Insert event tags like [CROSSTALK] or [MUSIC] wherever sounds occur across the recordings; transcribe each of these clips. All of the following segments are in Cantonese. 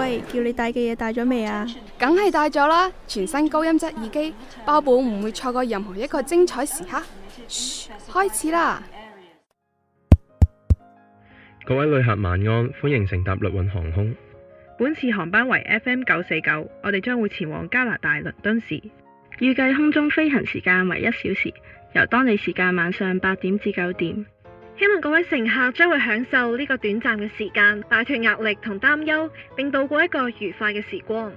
喂，叫你帶嘅嘢帶咗未啊？梗係帶咗啦，全新高音質耳機，包保唔會錯過任何一個精彩時刻。嘘，開始啦！各位旅客晚安，歡迎乘搭陸運航空。本次航班為 FM 九四九，我哋將會前往加拿大倫敦市，預計空中飛行時間為一小時，由當地時間晚上八點至九點。希望各位乘客將會享受呢個短暫嘅時間，擺脫壓力同擔憂，並度過一個愉快嘅時光。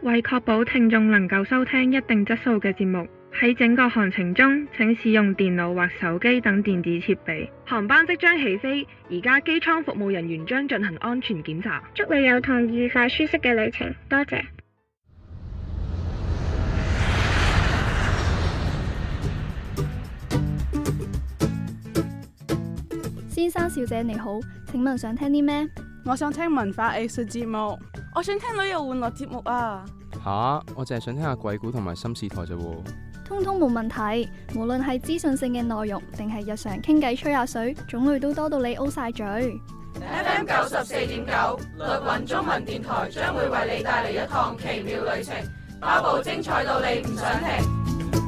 為確保聽眾能夠收聽一定質素嘅節目，喺整個航程中，請使用電腦或手機等電子設備。航班即將起飛，而家機艙服務人員將進行安全檢查。祝你有趟愉快舒適嘅旅程，多謝。先生小姐你好，請問想聽啲咩？我想聽文化藝術節目，我想聽旅遊玩樂節目啊。吓，我淨係想聽下鬼故同埋心事台啫。通通冇問題，無論係資訊性嘅內容，定係日常傾偈、吹下水，種類都多到你 O 晒嘴。FM 九十四點九綠韻中文電台將會為你帶嚟一趟奇妙旅程，包部精彩到你唔想停。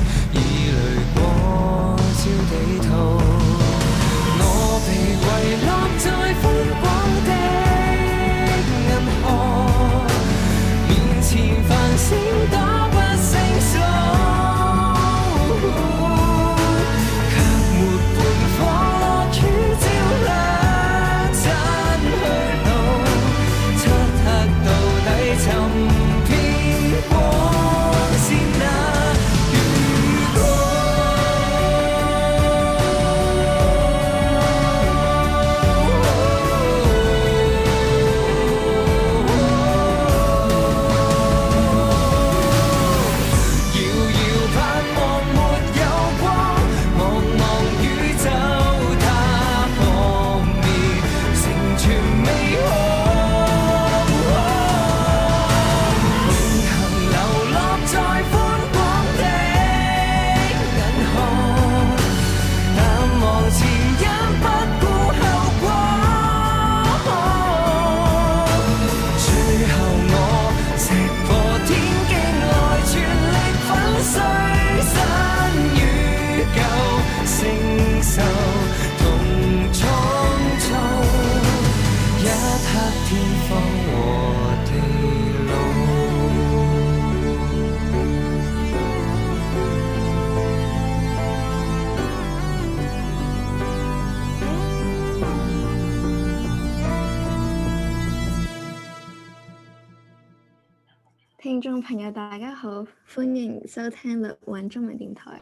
聽眾朋友大家好，歡迎收聽樂韻中文電台，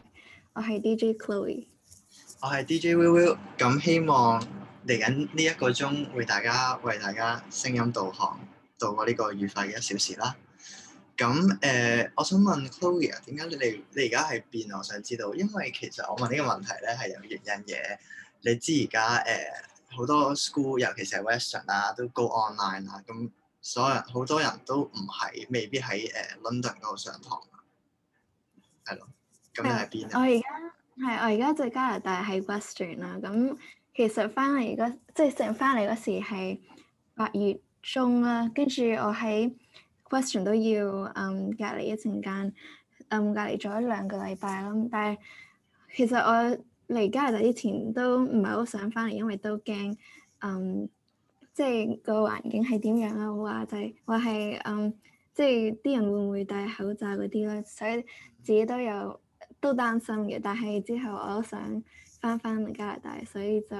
我係 D J Chloe，我係 D J Will Will，咁希望嚟緊呢一個鐘為大家為大家聲音導航，度過呢個愉快嘅一小時啦。咁誒、呃，我想問 Chloe 啊，點解你哋你而家係邊？我想知道，因為其實我問呢個問題咧係有原因嘅。你知而家誒好多 school，尤其是係 Western 啊，都 go online 啦，咁。所有好多人都唔係，未必喺 l o 誒倫敦嗰度上堂啊，係咯的。咁你喺邊咧？我而家係我而家喺加拿大喺 Western 啦。咁其實翻嚟嗰即係成翻嚟嗰時係八月中啦。跟住我喺 Western 都要嗯隔離一陣間，嗯隔離咗一兩個禮拜啦。但係其實我嚟加拿大之前都唔係好想翻嚟，因為都驚嗯。即係個環境係點樣啊？我話就係我係嗯，即係啲人會唔會戴口罩嗰啲咧？所以自己都有都擔心嘅。但係之後我都想翻翻加拿大，所以就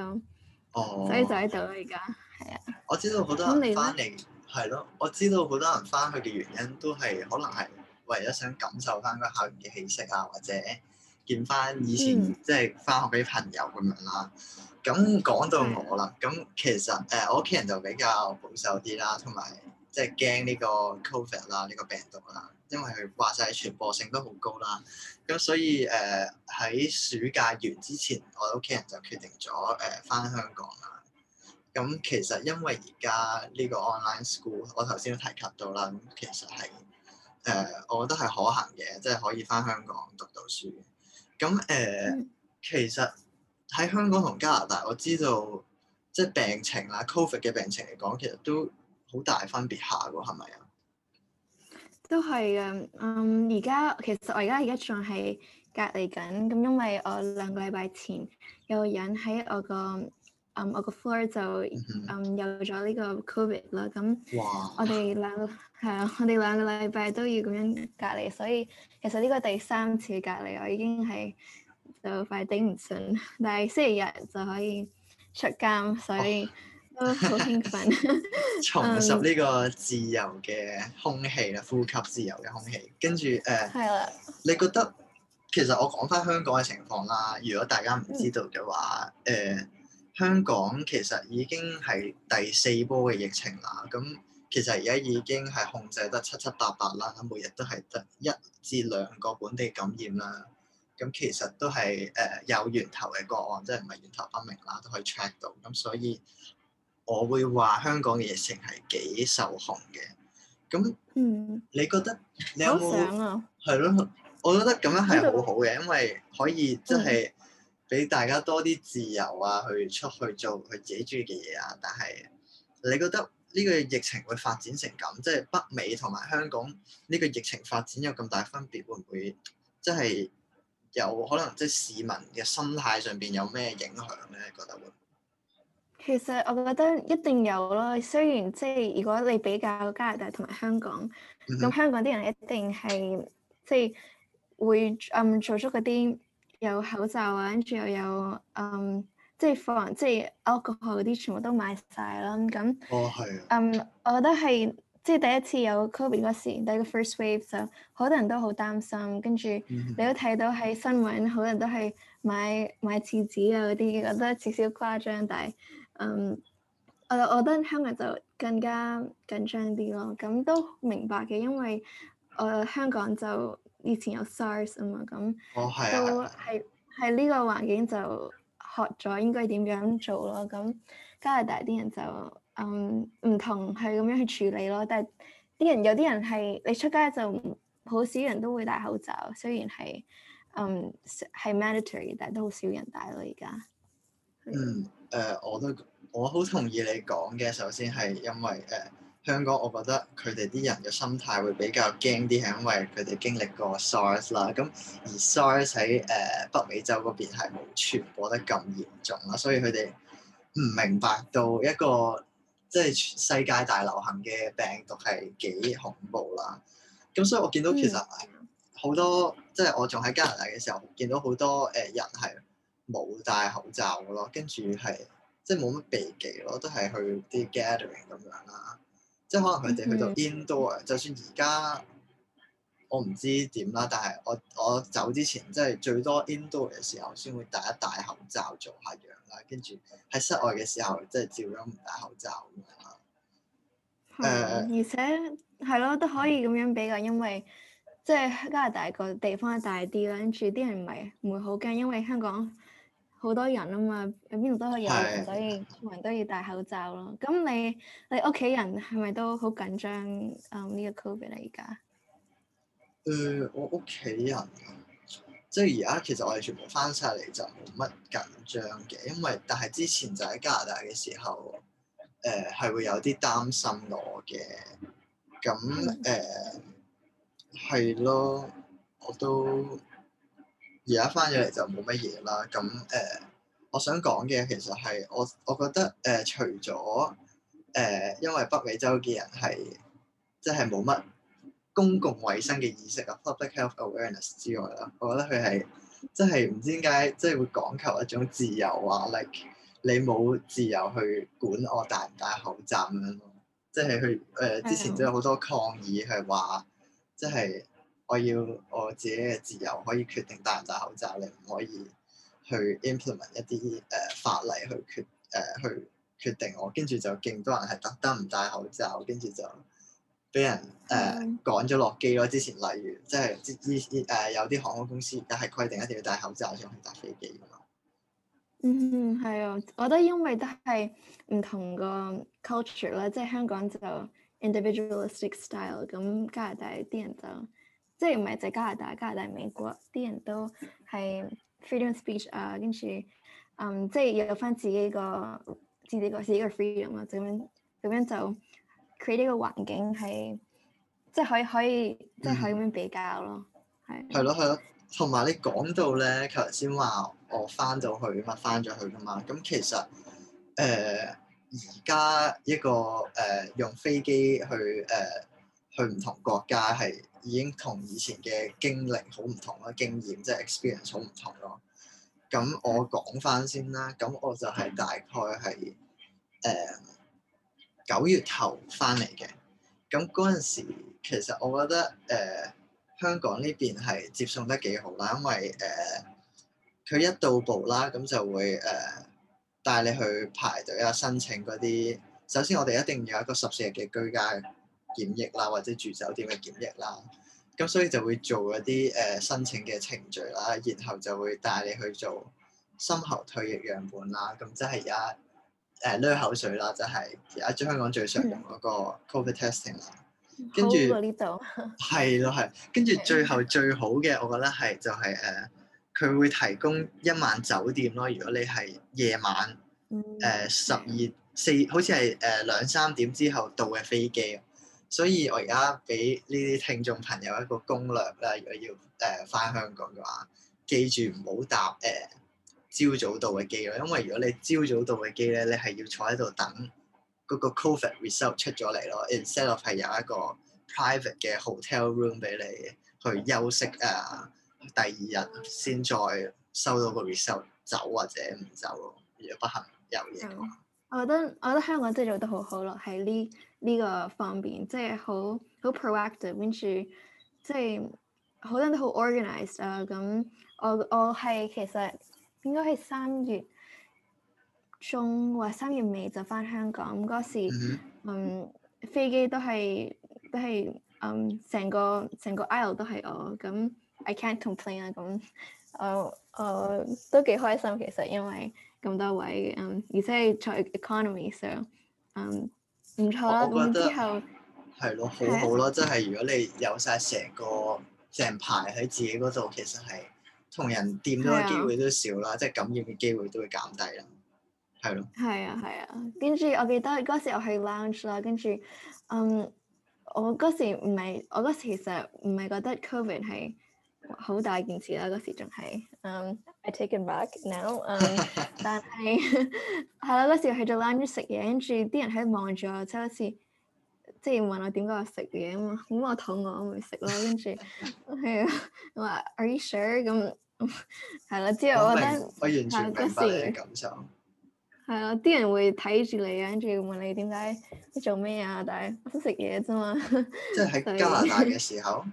哦，所以就喺度。而家係啊，我知道好多咁你翻嚟係咯，我知道好多人翻去嘅原因都係可能係為咗想感受翻個校園嘅氣息啊，或者。見翻以前、嗯、即係翻學嗰啲朋友咁樣啦。咁講到我啦，咁、嗯、其實誒、呃、我屋企人就比較保守啲啦，同埋即係驚呢個 COVID 啦，呢、這個病毒啦，因為佢話曬傳播性都好高啦。咁所以誒喺、呃、暑假完之前，我屋企人就決定咗誒翻香港啦。咁其實因為而家呢個 online school，我頭先都提及到啦，其實係誒、呃、我覺得係可行嘅，即、就、係、是、可以翻香港讀到書。咁誒，呃嗯、其實喺香港同加拿大，我知道即係病情啦，Covid 嘅病情嚟講，其實都好大分別下喎，係咪啊？都係嘅，嗯，而家其實我而家而家仲喺隔離緊，咁因為我兩個禮拜前有個人喺我個。嗯，我個 floor 就嗯有咗呢個 covid 啦，咁我哋兩個係啊，我哋兩個禮拜都要咁樣隔離，所以其實呢個第三次隔離我已經係就快頂唔順，但係星期日就可以出監，所以都好興奮，哦、 [LAUGHS] 重拾呢個自由嘅空氣啦， [LAUGHS] um, 呼吸自由嘅空氣，跟住誒，係、呃、啦，的你覺得其實我講翻香港嘅情況啦，如果大家唔知道嘅話，誒、嗯。香港其實已經係第四波嘅疫情啦，咁其實而家已經係控制得七七八八啦，每日都係得一至兩個本地感染啦，咁其實都係誒、呃、有源頭嘅個案，即係唔係源頭不明啦，都可以 check 到，咁所以我會話香港嘅疫情係幾受控嘅，咁嗯，你覺得你有冇係咯？我覺得咁樣係好好嘅，因為可以即係。嗯俾大家多啲自由啊，去出去做佢自己中意嘅嘢啊！但係，你覺得呢個疫情會發展成咁，即係北美同埋香港呢個疫情發展有咁大分別，會唔會即係有可能即係市民嘅心態上邊有咩影響咧？你覺得會，其實我覺得一定有咯。雖然即係如果你比較加拿大同埋香港，咁、嗯、哼香港啲人一定係即係會嗯做出嗰啲。有口罩啊，跟住又有嗯，即係防，即係 alcohol 嗰啲，全部都買晒啦。咁，哦係啊。嗯，我覺得係即係第一次有 Covid 嗰時，第一個 First Wave 就好多人都好擔心，跟住、mm hmm. 你都睇到喺新聞，好多人都係買買廁紙啊嗰啲，覺得少少誇張，但係嗯，我我覺得香港就更加緊張啲咯。咁都明白嘅，因為誒、呃、香港就。以前有 SARS、就是哦、啊嘛，咁都係喺呢個環境就學咗應該點樣做咯。咁加拿大啲人就嗯唔同係咁樣去處理咯。但係啲人，有啲人係你出街，就好少人都會戴口罩，雖然係嗯係 mandatory，但係都好少人戴咯而家。嗯，誒、呃，我都我好同意你講嘅。首先係因為誒。呃香港，我覺得佢哋啲人嘅心態會比較驚啲，係因為佢哋經歷過 SARS 啦。咁而 SARS 喺誒、呃、北美洲嗰邊係冇傳播得咁嚴重啦，所以佢哋唔明白到一個即係全世界大流行嘅病毒係幾恐怖啦。咁所以我見到其實好多、嗯、即係我仲喺加拿大嘅時候，見到好多誒人係冇戴口罩咯，跟住係即係冇乜避忌咯，都係去啲 gathering 咁樣啦。即係可能佢哋去到 indoor 嘅，嗯、就算而家我唔知點啦。但係我我走之前，即係最多 indoor 嘅時候，先會戴一戴口罩做下樣啦。跟住喺室外嘅時候，即係照樣唔戴口罩咁樣啦。誒、嗯，呃、而且係咯，都可以咁樣比較，因為即係、嗯、加拿大個地方大啲啦。跟住啲人唔係唔會好驚，因為香港。好多人啊嘛，喺邊度都可以有人，的所以人都要戴口罩咯。咁你你屋企人係咪都好緊張啊呢個 Covid 啊而家？誒、嗯呃，我屋企人，即係而家其實我哋全部翻晒嚟就冇乜緊張嘅，因為但係之前就喺加拿大嘅時候，誒、呃、係會有啲擔心我嘅。咁誒，係、嗯呃、咯，我都。嗯而家翻咗嚟就冇乜嘢啦，咁誒、呃，我想講嘅其實係我，我覺得誒、呃，除咗誒、呃，因為北美洲嘅人係即係冇乜公共衞生嘅意識啊 [MUSIC] ，public health awareness 之外啦，我覺得佢係即係唔知點解，即係會講求一種自由啊，like 你冇自由去管我戴唔戴口罩咁樣咯，即係佢誒之前都有好多抗議係話，即係。我要我自己嘅自由可以決定戴唔戴口罩，你唔可以去 implement 一啲誒、呃、法例去決誒、呃、去決定我。跟住就勁多人係特登唔戴口罩，跟住就俾人誒、呃、趕咗落機咯。之前例如即係依依誒有啲航空公司而家係規定一定要戴口罩先可以搭飛機㗎嘛。嗯，係啊，我覺得因為都係唔同個 culture 啦，即係香港就 individualistic style，咁加拿大啲人就。即係唔係就加拿大、加拿大、美國啲人都係 freedom speech 啊，跟住嗯，即係有翻自己個自己個自己個 freedom 啊，咁樣咁樣就 create 呢個環境係即係可以可以即係、就是、可以咁樣比較咯，係、嗯。係咯係咯，同埋、啊啊、你講到咧，頭先話我翻到去，去嘛，翻咗去噶嘛，咁其實誒而家一個誒、呃、用飛機去誒。呃去唔同國家係已經同以前嘅經歷好唔同啦，經驗即係、就是、experience 好唔同咯。咁我講翻先啦，咁我就係大概係誒九月頭翻嚟嘅。咁嗰陣時其實我覺得誒、呃、香港呢邊係接送得幾好啦，因為誒佢、呃、一到埗啦，咁就會誒、呃、帶你去排隊啊，申請嗰啲。首先我哋一定要有一個十四日嘅居家。檢疫啦，或者住酒店嘅檢疫啦，咁所以就會做一啲誒、呃、申請嘅程序啦，然後就會帶你去做深喉唾液樣本啦，咁即係而家誒濺口水啦，就係而家香港最常用嗰個 COVID testing 啦，嗯、跟住係咯係，跟住最後最好嘅我覺得係就係、是、誒，佢、呃、會提供一晚酒店咯，如果你係夜晚誒十二四，嗯呃、12, 4, 好似係誒兩三點之後到嘅飛機。所以我而家俾呢啲聽眾朋友一個攻略啦，如果要誒返、呃、香港嘅話，記住唔好搭誒、呃、朝早到嘅機咯，因為如果你朝早到嘅機咧，你係要坐喺度等嗰個 COVID result 出咗嚟咯。Instead of 係有一個 private 嘅 hotel room 俾你去休息啊、呃，第二日先再收到個 result 走或者唔走咯，如果不幸有嘢。Okay. 我覺得我覺得香港真係做得好好咯，喺呢。呢個方便，即係好好 proactive，跟住即係好多人都好 organised 啊！咁、嗯、我我係其實應該係三月中或三月尾就翻香港，嗰時、mm hmm. 嗯飛機都係都係嗯成個成個 aisle 都係我，咁、嗯、I can't complain 啊！咁誒誒都幾開心其實，因為咁多位嗯而且係 economy so 嗯。唔錯啦，我我覺得之後係咯，好好咯，即係的如果你有晒成個成排喺自己嗰度，其實係同人掂咗嘅機會都少啦，的即係感染嘅機會都會減低啦，係咯。係啊係啊，跟住我記得嗰時我去 Lounge 啦，跟住嗯，我嗰時唔係我嗰時其實唔係覺得 COVID 係。好大件事啦，啊，嗰時仲係，嗯、um,，I take it back now，、um, [LAUGHS] 但係係啦，嗰 [LAUGHS] 時去咗 lunch 食嘢，跟住啲人喺度望住我，即係好似即係問我點解我食嘢啊嘛，咁我肚餓，我咪食咯，跟住係啊，我話 are you sure 咁，係、嗯、啦， [LAUGHS] 之後我覺得，我，是我完全明白你感受。係啦，啲人會睇住你啊，跟住問你點解你做咩啊？但係我想食嘢啫嘛。 [LAUGHS] 以即係喺加拿大嘅時候。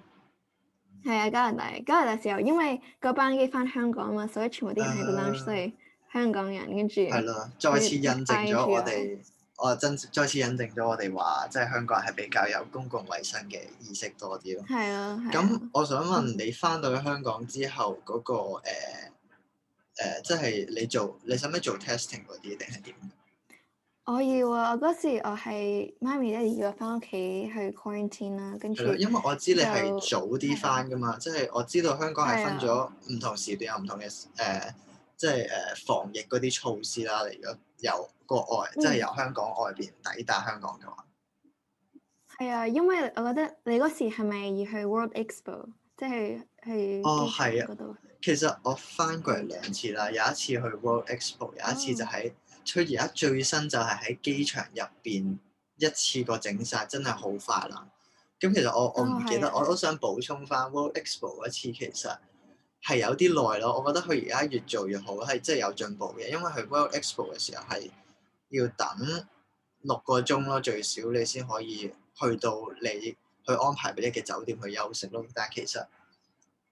係啊，加拿大，加拿大時候因為個班機翻香港啊嘛，所以全部啲人喺個 lounge 都係香港人，跟住係咯，再次印證咗我哋，我真、uh, 哦、再次印證咗我哋話，即係香港人係比較有公共衛生嘅意識多啲咯。係啊，咁我想問你翻到去香港之後嗰、嗰個誒、呃呃、即係你做你使唔使做 testing 嗰啲定係點？我要啊！我嗰時我係媽咪咧要翻屋企去 quarantine 啦，跟住因為我知你係早啲翻㗎嘛，即係的我知道香港係分咗唔同時段有唔同嘅誒，即係誒防疫嗰啲措施啦。你如果由國外，即係、嗯、由香港外邊抵達香港嘅話，係啊，因為我覺得你嗰時係咪要去 World Expo，即係去哦，去機場嗰度？其實我翻過嚟兩次啦，有一次去 World Expo，有一次就喺、哦。佢而家最新就係喺機場入邊一次過整晒，真係好快啦！咁其實我我唔記得，哦、我都想補充翻 World Expo 嗰次，其實係有啲耐咯。我覺得佢而家越做越好，係真係有進步嘅，因為佢 World Expo 嘅時候係要等六個鐘咯，最少，你先可以去到你去安排俾你嘅酒店去休息咯。但係其實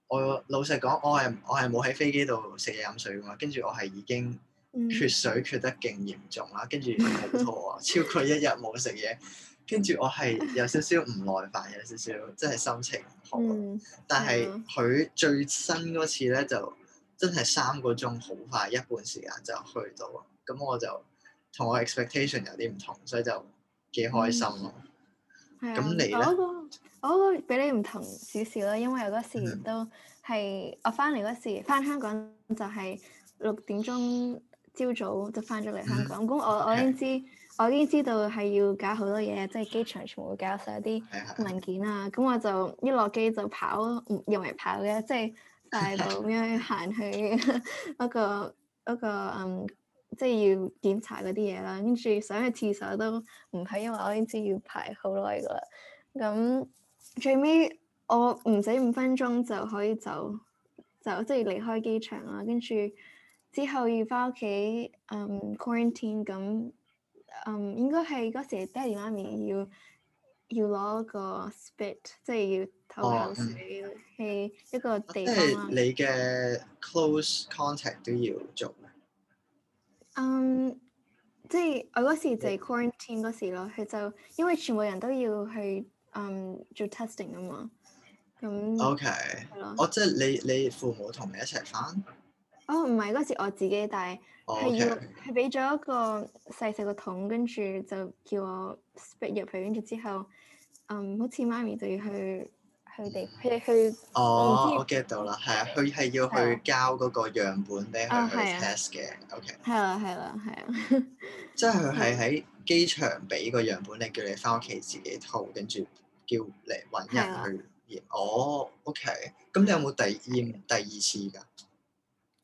我老實講，我係我係冇喺飛機度食嘢飲水噶嘛，跟住我係已經。嗯、缺水缺得勁嚴重啦，跟住好肚餓， [LAUGHS] 超過一日冇食嘢，跟住我係有少少唔耐煩，有少少即係心情唔好。嗯、但係佢最新嗰次咧就真係三個鐘，好快一半時間就去到，咁我就同我 expectation 有啲唔同，所以就幾開心咯。咁你呢？係啊、嗯，我、那個我個比你唔同少少啦，因為有時都係、嗯、的我翻嚟嗰時翻香港就係六點鐘。朝早就翻咗嚟香港，咁、嗯、我我已經知，我已經知道係要搞好多嘢，即係機場全部會搞晒啲文件啊。咁、嗯、我就一落機就跑，又唔係跑嘅，即係大步咁樣行去嗰、嗰個嗯，即係要檢查嗰啲嘢啦。跟住想去廁所都唔係，因為我已經知要排好耐噶啦。咁最尾我唔使五分鐘就可以走，走即係離開機場啦。跟住。之後要翻屋企，嗯，quarantine 咁，嗯，應該係嗰時爹哋媽咪要要攞個 spit，即係要吐口水喺、oh. 一個地方、啊、即係你嘅 close contact 都要做。嗯，即係我嗰時就係 quarantine 嗰時咯，佢就因為全部人都要去嗯做 testing 啊嘛，咁。OK。係咯。Oh，我即係你你父母同你一齊翻。哦，唔係嗰時我自己帶，但係要係俾咗一個細細個桶，跟住就叫我擠入去，跟住之後，嗯，好似媽咪就要去去地，佢哋去。哦，我 get 到啦，係啊，佢係要去交嗰個樣本俾佢去 test 嘅，OK。係啦，係啦，係啊。即係佢係喺機場俾個樣本你，叫你翻屋企自己套，跟住叫嚟揾人去驗。哦，OK。咁你有冇第二第二次㗎？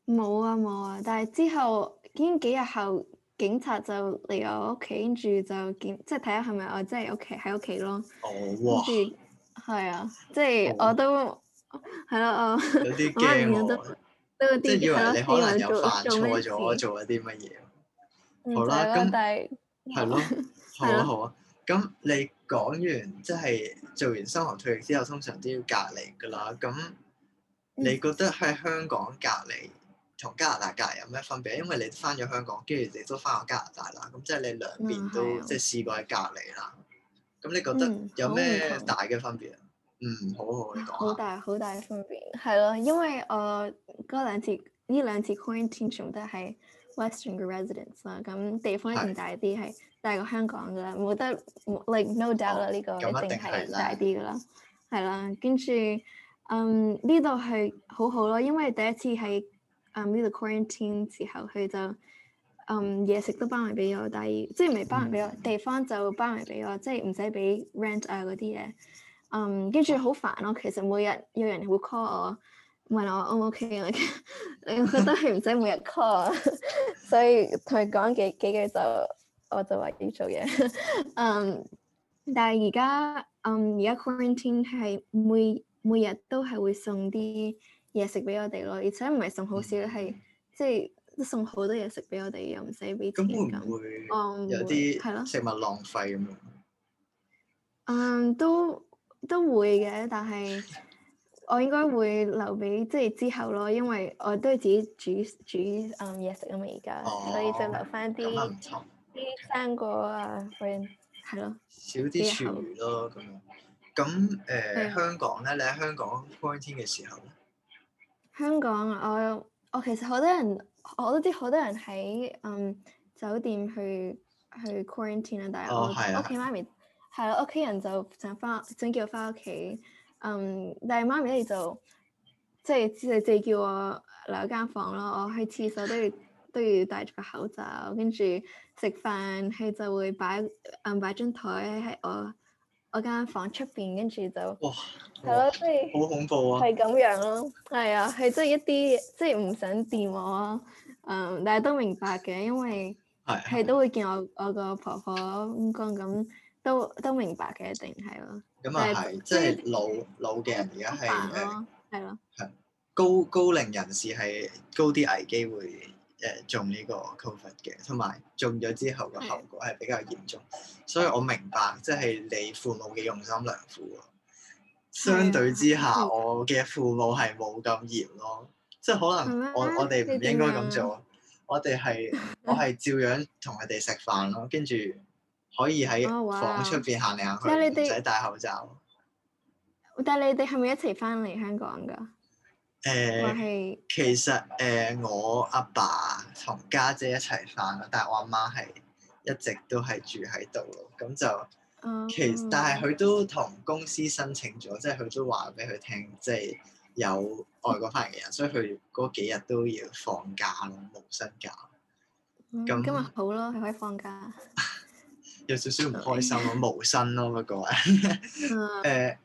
冇啊冇啊，但係之後已經幾日後，警察就嚟我屋企，跟住就檢，即係睇下係咪我真係屋企喺屋企咯。哦，住，係啊，即係我都係咯，我我阿嫲都都啲驚，係咯，以為你可能有犯錯咗，做一啲乜嘢。好啦，咁但係係咯，好啊好啊，咁你講完即係做完收容退役之後，通常都要隔離噶啦。咁你覺得喺香港隔離，同加拿大隔離有咩分別？因為你翻咗香港，跟住你都翻咗加拿大啦。咁即係你兩邊都哇即係試過喺隔離啦。咁你覺得有咩大嘅分別啊？嗯，嗯，好好好大好大嘅分別係咯，因為誒嗰兩次呢兩次 quarantine 全部都係 Western 嘅 residence 啦。咁地方一定大啲，係是大過香港噶啦，冇得 like no doubt 啦。呢、哦、個一定係、嗯、大啲噶啦，係啦。跟住嗯呢度係好好咯，因為第一次係。啊，呢個、um, quarantine 時候佢就嗯嘢、um, 食都包埋俾我，但係即係唔係包埋俾我、mm. 地方就包埋俾我，即係唔使俾 rent 啊嗰啲嘢。嗯，跟住好煩咯、喔，其實每日有人會 call 我問我 O 唔 O K，我覺得係唔使每日 call， [LAUGHS] 所以同佢講幾幾句就我就話要做嘢。嗯、um，但、um, 係而家嗯而家 quarantine 係每每日都係會送啲。嘢食俾我哋咯，而且唔係送好少，係即係送好多嘢食俾我哋，又唔使俾錢咁。哦、嗯，會唔會，有啲食物浪費咁樣？嗯，都都會嘅，但係我應該會留俾即係之後咯，因為我都係自己煮煮啊嘢食啊嘛，而、嗯、家，哦、所以就留翻啲啲生果啊，係、嗯、咯，少啲廚餘咯咁樣。咁、呃、誒，對香港咧，你喺香港冬天嘅時候。香港我我其實好多人，我都知好多人喺嗯，酒店去去 quarantine 啦。但係我屋企媽咪係咯，屋企、啊、人就想返想叫我返屋企，嗯，但係媽咪咧就即係即係即係叫我留間房咯，我去廁所都要 [LAUGHS] 都要戴住個口罩，跟住食飯佢就會擺嗯擺張台喺我，我間房出邊，跟住就，哇，係咯，即係、就是、好恐怖啊！係咁樣咯，係啊，係即係一啲即係唔想掂我啊，嗯，但係都明白嘅，因為係係都會見我我個婆婆公公咁、嗯，都都明白嘅，一定係咯，咁啊係即係老老嘅人而家係咯，係咯，係高的高齡人士係高啲危機會。誒中呢個 COVID 嘅，同埋中咗之後個後果係比較嚴重，嗯、所以我明白即係、就是、你父母嘅用心良苦。嗯、相對之下，嗯、我嘅父母係冇咁嚴咯，即係可能我嗎我哋唔應該咁做，我哋係我係照樣同佢哋食飯咯，跟住 [LAUGHS] 可以喺房出邊行嚟行去，哦、但你哋唔使戴口罩。但係你哋係咪一齊翻嚟香港㗎？誒、呃喂呃，其實誒，我阿爸同家姐一齊翻咯，但係我阿媽係一直都係住喺度咯，咁就，其但係佢都同公司申請咗，即係佢都話俾佢聽，即、就、係、係、有外國翻嚟嘅人，嗯、所以佢嗰幾日都要放假咯，無薪假。咁、嗯、那今日好咯，可以放假。 [LAUGHS] 有少少唔開心、嗯、身咯，無薪咯，不過誒，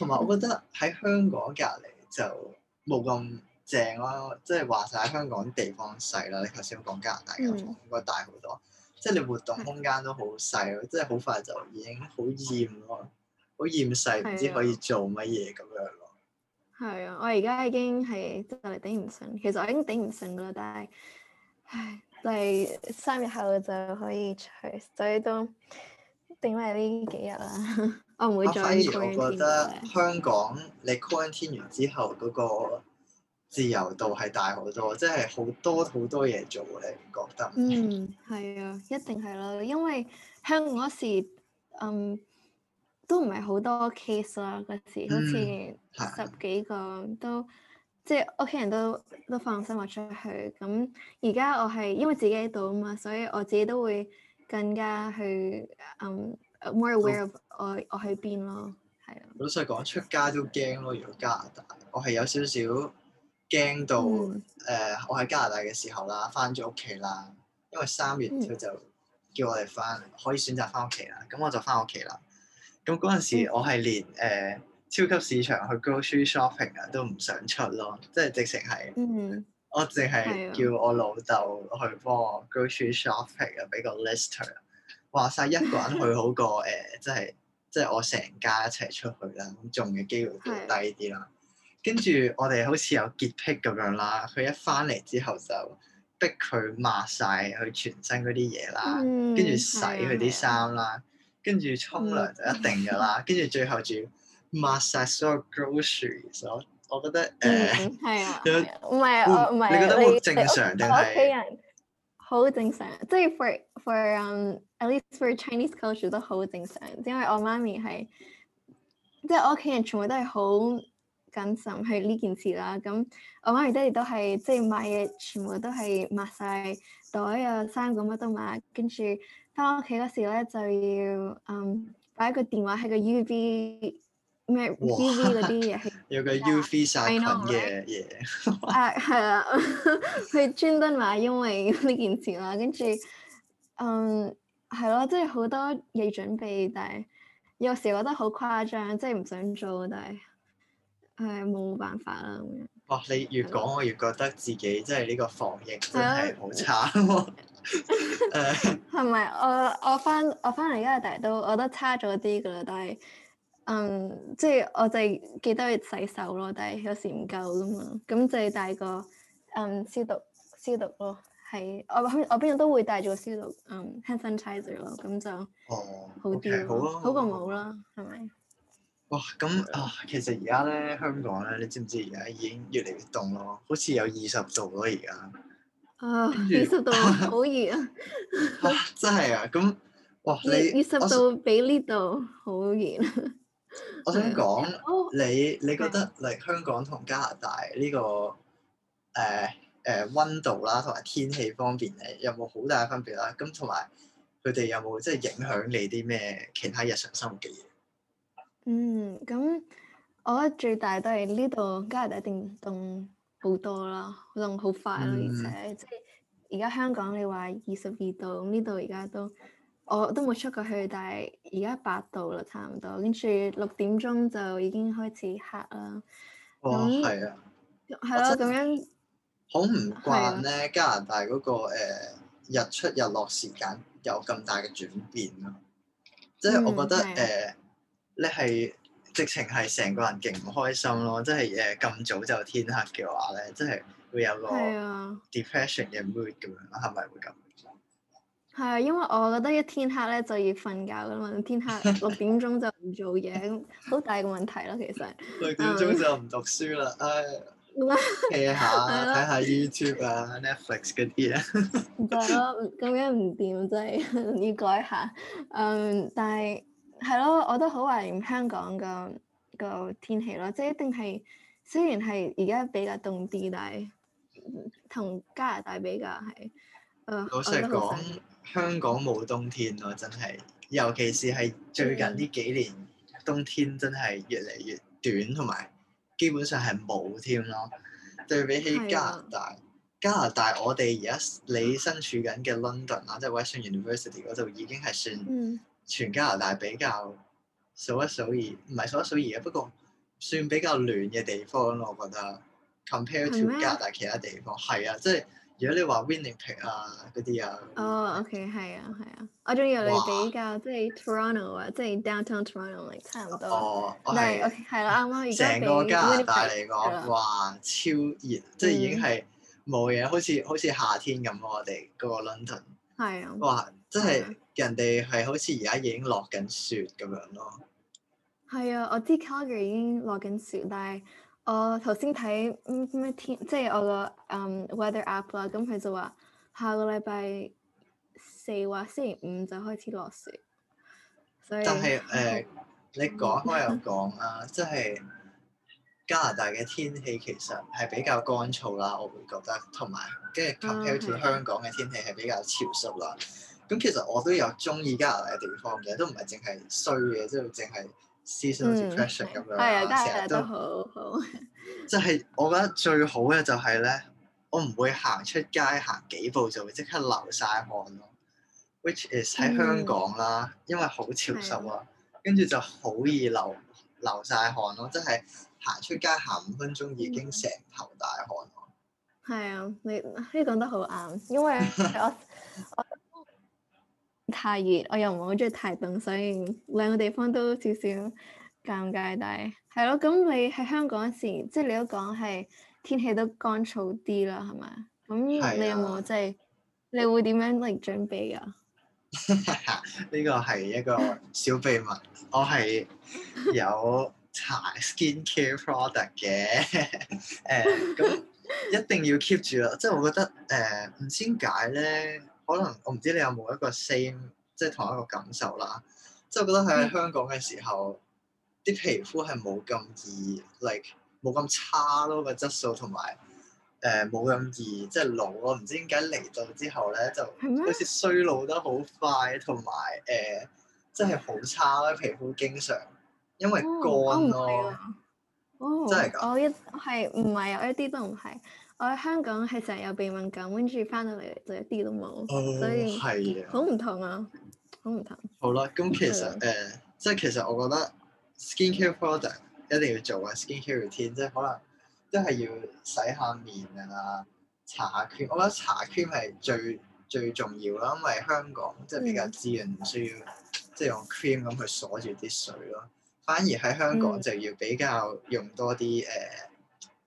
同埋我覺得喺香港隔離就。冇咁正咯，啊，即係話晒香港地方細啦。你頭先講加拿大嘅房應該大好多，即係、嗯、你活動空間都好細咯，即係好快就已經好厭咯，好厭世，唔、嗯、知可以做乜嘢咁樣咯。係啊，我而家已經係真係頂唔順，其實我已經頂唔順啦，但係，唉，係、就、三、係、日後就可以出去，所以都頂埋呢幾日啦。 [LAUGHS] 我唔會再 quarantine 我反而我覺得香港你 quarantine 完之後嗰個自由度係大好多，即係好多好多嘢做咧，你覺得嗯。嗯，係啊，一定係啦，因為香港嗰時嗯都唔係好多 case 啦，嗰時好似十幾個都即係屋企人都都放心話出去。咁而家我係因為自己喺度啊嘛，所以我自己都會更加去嗯。more aware of、嗯、我我喺邊咯，係啊，老實講出街都驚咯，如果加拿大，我係有少少驚到誒、嗯呃，我喺加拿大嘅時候啦，返咗屋企啦，因為三月佢就叫我哋返，嗯、可以選擇返屋企啦，咁我就返屋企啦。咁嗰陣時我係連誒、嗯呃、超級市場去 grocery shopping 啊都唔想出咯，即係直情係、嗯、我淨係叫我老豆去幫我 grocery shopping 啊，俾個 list to。話晒一個人去好過誒，即係即係我成家一齊出去啦，咁中嘅機會會低啲啦。跟住我哋好似有潔癖咁樣啦，佢一翻嚟之後就逼佢抹晒佢全身嗰啲嘢啦，跟住洗佢啲衫啦，跟住沖涼就一定㗎啦，跟住最後仲抹晒所有 groceries，我覺得誒，係啊，唔係我唔係你覺得好正常定係？好正常，即係 for for、um, at least for Chinese culture 都好正常，因為我媽咪係，即係我屋企人全部都係好謹慎去呢件事啦。咁我媽咪爹哋都係，即係買嘢全部都係抹晒袋啊衫，咁乜都抹，跟住翻屋企嗰時咧就要嗯擺，um, 一個電話喺個 UV 咩 U V 嗰啲嘢， [LAUGHS] 有個 U V 殺菌嘅嘢。誒係啊，去專登話因為呢件事啦，跟住嗯係咯，即係好多嘢準備，但係有時覺得好誇張，即係唔想做，但係唉，冇、哎、辦法啦咁樣。哇！了你越講我越覺得自己即係呢個防疫真係好差喎。係咪？我我翻我翻嚟而家，但係都我都覺得差咗啲噶啦，但係。嗯，um，即係我就係記得去洗手咯，但係有時唔夠噶嘛，咁就帶個嗯消毒消毒咯，係我我我邊日都會帶住個消毒嗯 hand sanitizer 咯，咁就，哦，好啲，好咯，好過冇啦，係咪？哇，咁啊，其實而家咧香港咧，你知唔知而家已經越嚟越凍咯，好似有二十度咯而家，啊，二十度好熱啊，真係啊，咁哇你二十度比呢度好熱。 [LAUGHS] 我想講、嗯、你你覺得嚟香港同加拿大呢、這個誒誒溫度啦，同埋天氣方面咧，有冇好大嘅分別啦？咁同埋佢哋有冇即係影響你啲咩其他日常生活嘅嘢？嗯，咁我覺得最大都係呢度加拿大變凍好多啦，變凍好快咯，而且即係而家香港你話二十二度，咁呢度而家都。我都冇出過去，但係而家八度啦，差唔多，跟住六點鐘就已經開始黑啦。哦，係你啊，係咯真樣，咁樣好唔慣咧，啊、加拿大嗰、那個誒、呃、日出日落時間有咁大嘅轉變咯。即係、嗯、我覺得誒、啊呃，你係直情係成個人勁唔開心咯，即係誒咁早就天黑嘅話咧，即、就、係、是、會有個 depression 嘅 mood 咁樣啦，係咪會咁？係啊，因為我覺得一天黑咧就要瞓覺噶啦嘛，天黑六點鐘就唔做嘢，好 [LAUGHS] 大個問題咯。其實六點鐘、um, 就唔讀書啦，誒、uh, 睇 [LAUGHS] 下 [LAUGHS] 了 YouTube 啊、Netflix 嗰啲啊。係 [LAUGHS] 咯，咁樣唔掂真係要改下。嗯、um，但係係咯，我都好懷念香港嘅個天氣咯，即係一定係雖然係而家比較凍啲，但係同加拿大比較係，誒，我都好香港冇冬天咯，真係，尤其是係最近呢幾年、嗯、冬天真係越嚟越短，同埋基本上係冇添咯。對比起加拿大，啊、加拿大我哋而家你身處緊嘅 London 啦，即係 Western University 嗰度已經係算全加拿大比較數一數二，唔係、嗯、數一數二嘅，不過算比較暖嘅地方咯。我覺得 compare to 嗎加拿大其他地方係啊，即、就、係、是。如果你話 Winnipeg 啊嗰啲啊，哦、啊 oh,，OK，係啊係啊，我仲以為你比較即係 Toronto 啊，即係 downtown Toronto 嚟，onto, ow onto，差唔多。哦，我係，係啦，啱啱而家成個加拿大嚟講，哇，超熱，嗯、即係已經係冇嘢，好似好似夏天咁我哋個 London 係啊，on, 啊哇，即係人哋係好似而家已經落緊雪咁樣咯、啊。係啊，我知 Calgary 已經落緊雪，但係。我頭先睇咩天，即係我個嗯 weather app 啦、嗯，咁佢就話下個禮拜四話星期五就開始落雪。所以但係誒，呃嗯、你講開又講啊， [LAUGHS] 即係加拿大嘅天氣其實係比較乾燥啦，我會覺得，同埋跟住 compare 到香港嘅天氣係比較潮濕啦。咁、啊、其實我都有中意加拿大嘅地方嘅，都唔係淨係衰嘅，即係淨係。Seasonal depression 咁、嗯、樣，成日都好好。即係我覺得最好嘅就係、是、咧，我唔會行出街行幾步就會即刻流晒汗咯。嗯、Which is 喺香港啦，嗯、因為好潮濕啊，跟住的就好易流流晒汗咯。即係行出街行五分鐘、嗯、已經成頭大汗咯。係啊，你可以講得好啱，因為我我。 [LAUGHS] 太熱，我又唔係好中意太凍，所以兩個地方都少少尷尬。但係係咯，咁你喺香港時，即係你都講係天氣都乾燥啲啦，係咪？咁你有冇即係你會點樣嚟準備啊？呢個係一個小秘密，我係有搽 skin care product 嘅。誒、 [LAUGHS] 嗯，咁一定要 keep 住啦，即係我覺得誒，唔、嗯、知點解咧。可能我唔知你有冇一個 same，即係同一個感受啦。即係我覺得喺香港嘅時候，啲、嗯、皮膚係冇咁易 like 冇咁差咯，個質素同埋誒冇咁易即係老咯。唔知點解嚟到之後咧，就好似嗎衰老得好快，同埋誒即係好差咯。皮膚經常因為乾咯，哦哦、真係㗎、哦。我一係唔係啊，有一啲都唔係。我喺香港係成日有鼻敏感，跟住翻到嚟就一啲都冇，哦、所以好唔的同啊，好唔同。好啦，咁其實誒的、呃，即係其實我覺得 skin care product 一定要做啊，skin care routine 即係可能都係要洗下面啊，啦，搽下 cream。我覺得搽 cream 係最最重要啦，因為香港即係比較滋潤，唔、嗯、需要即係用 cream 咁去鎖住啲水咯。反而喺香港就要比較用多啲誒。嗯嗯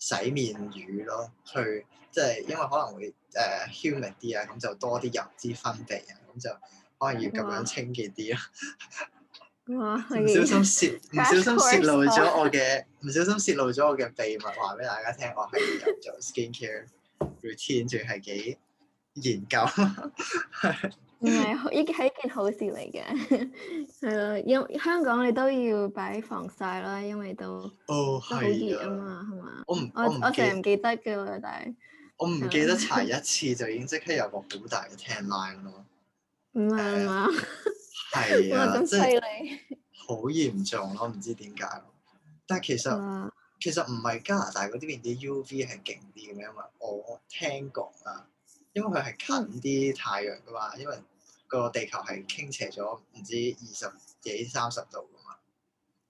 洗面乳咯，去即係，因為可能會誒、uh, humid 啲啊，咁就多啲油脂分泌啊，咁就可能要咁樣清潔啲咯。唔 [LAUGHS] 小心泄唔小心泄露咗我嘅唔小心泄露咗我嘅秘密，話俾大家聽，我係有做 skin care routine 仲係幾研究。 [LAUGHS] 唔係好，呢係一件好事嚟嘅， [LAUGHS] 係咯。因香港你都要擺防曬啦，因為都、哦、都好熱啊嘛，係嘛不？我唔我我成日唔記得嘅但係我唔記得搽一次就已經即刻有個好大嘅 tan line 咯。唔係啊嘛？係、呃、 [LAUGHS] 啊，你即係好嚴重咯，唔知點解，但係其實 [LAUGHS] 其實唔係加拿大嗰邊啲 U V 係勁啲咁樣啊，我聽講啊。因為佢係近啲太陽噶嘛，嗯、因為個地球係傾斜咗唔知二十幾三十度噶嘛。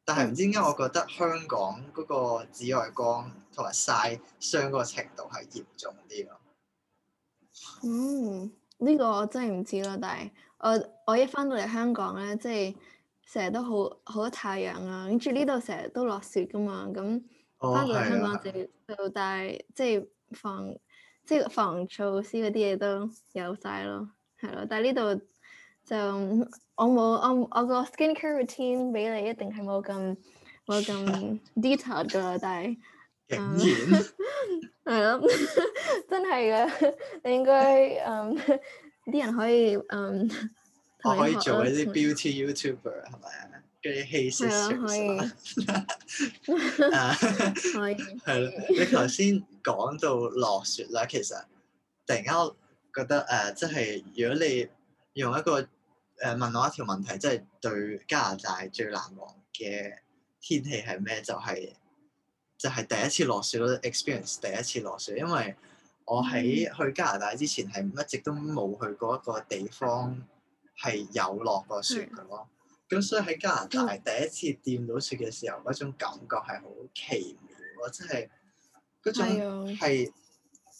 但係唔知點解我覺得香港嗰個紫外光同埋曬傷個程度係嚴重啲咯。嗯，呢、呢個我真係唔知咯，但係我我一翻到嚟香港咧，即係成日都好好多太陽啊，跟住呢度成日都落雪噶嘛，咁翻到嚟香港就、哦啊啊啊、就但係即係放。即係防措施嗰啲嘢都有晒咯，係咯，但係呢度就我冇我我個 skincare routine 俾你，一定係冇咁冇咁 detail 噶啦，但係係咯，真係嘅，你應該嗯啲、 [LAUGHS] um, 人可以嗯、um, 可以做一啲 beauty YouTuber 係咪？ [LAUGHS] 嘅氣息消失。可以。你頭先講到落雪啦，其實突然間我覺得誒，即、呃、係、就是、如果你用一個誒、呃、問我一條問題，即、就、係、是、對加拿大最難忘嘅天氣係咩？就係、是、就係、是、第一次落雪嗰個 experience，第一次落雪，因為我喺、嗯、去加拿大之前係一直都冇去過一個地方係有落過雪嘅咯。嗯嗯。咁所以喺加拿大第一次掂到雪嘅時候，嗰、oh. 種感覺係好奇妙咯，即係嗰種係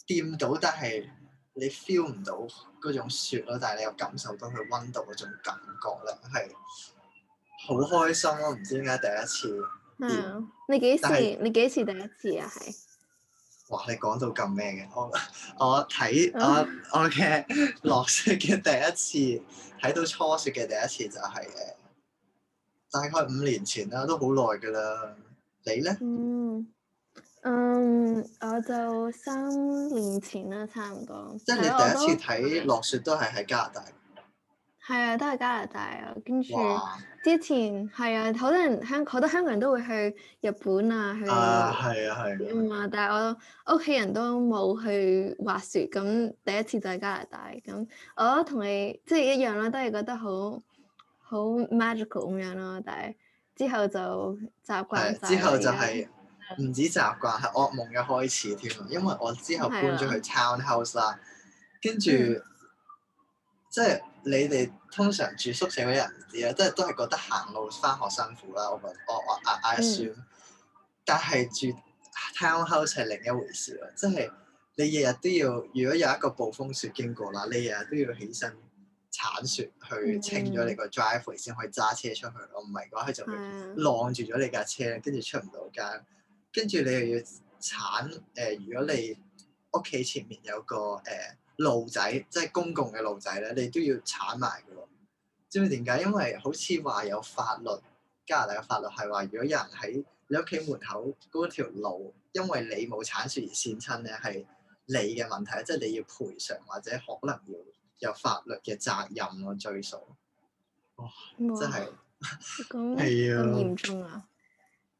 掂到，oh. 但係你 feel 唔到嗰種雪咯，但係你又感受到佢溫度嗰種感覺咧，係好開心咯。唔知點解第一次、oh. 你幾時？是你幾時第一次啊？係哇，你講到咁咩嘅我我睇、oh. 我我嘅落雪嘅第一次睇到初雪嘅第一次就係、是、誒。大概五年前啦，都好耐噶啦。你咧？嗯，嗯，我就三年前啦，差唔多。 [NOISE] 即係你第一次睇落雪都係喺加拿大？係啊、嗯，都係加拿大啊。跟住，哇之前係啊，好多人香，好多香港人都會去日本啊，去啊，係啊，係啊。唔啊，但係我屋企人都冇去滑雪，咁、嗯、第一次就喺加拿大。咁、嗯、我同你即係一樣啦，都係覺得好。好 magical 咁樣咯，但係之後就習慣，之後就係唔止習慣，係噩 [LAUGHS] 夢嘅開始添。因為我之後搬咗去 townhouse 啦、嗯，跟住即係你哋通常住宿舍嗰啲人，有即係都係覺得行路返學辛苦啦。我我我挨挨算，I, I assume, 嗯、但係住 townhouse 係另一回事啦。即係你日日都要，如果有一個暴風雪經過啦，你日日都要起身。鏟雪去清咗你個 driveway 先可以揸車出去，我唔係嘅話佢就浪住咗你架車，跟住出唔到街。跟住你又要鏟誒、呃，如果你屋企前面有個誒、呃、路仔，即係公共嘅路仔咧，你都要鏟埋㗎喎。知唔知點解？因為好似話有法律，加拿大嘅法律係話，如果有人喺你屋企門口嗰條路，因為你冇鏟雪而線親咧，係你嘅問題，即係你要賠償或者可能要。有法律嘅責任我追訴，哇！真係咁嚴重、哎、啊！